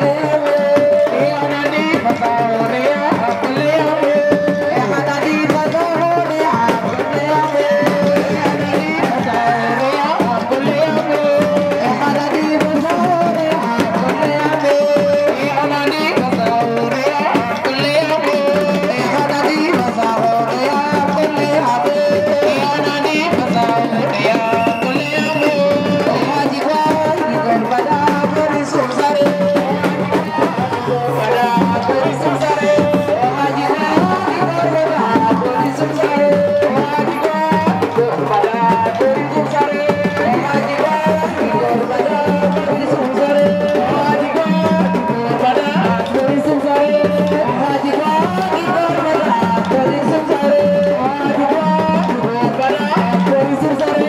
Amen. Bari Sumsare, Bari Sumsare,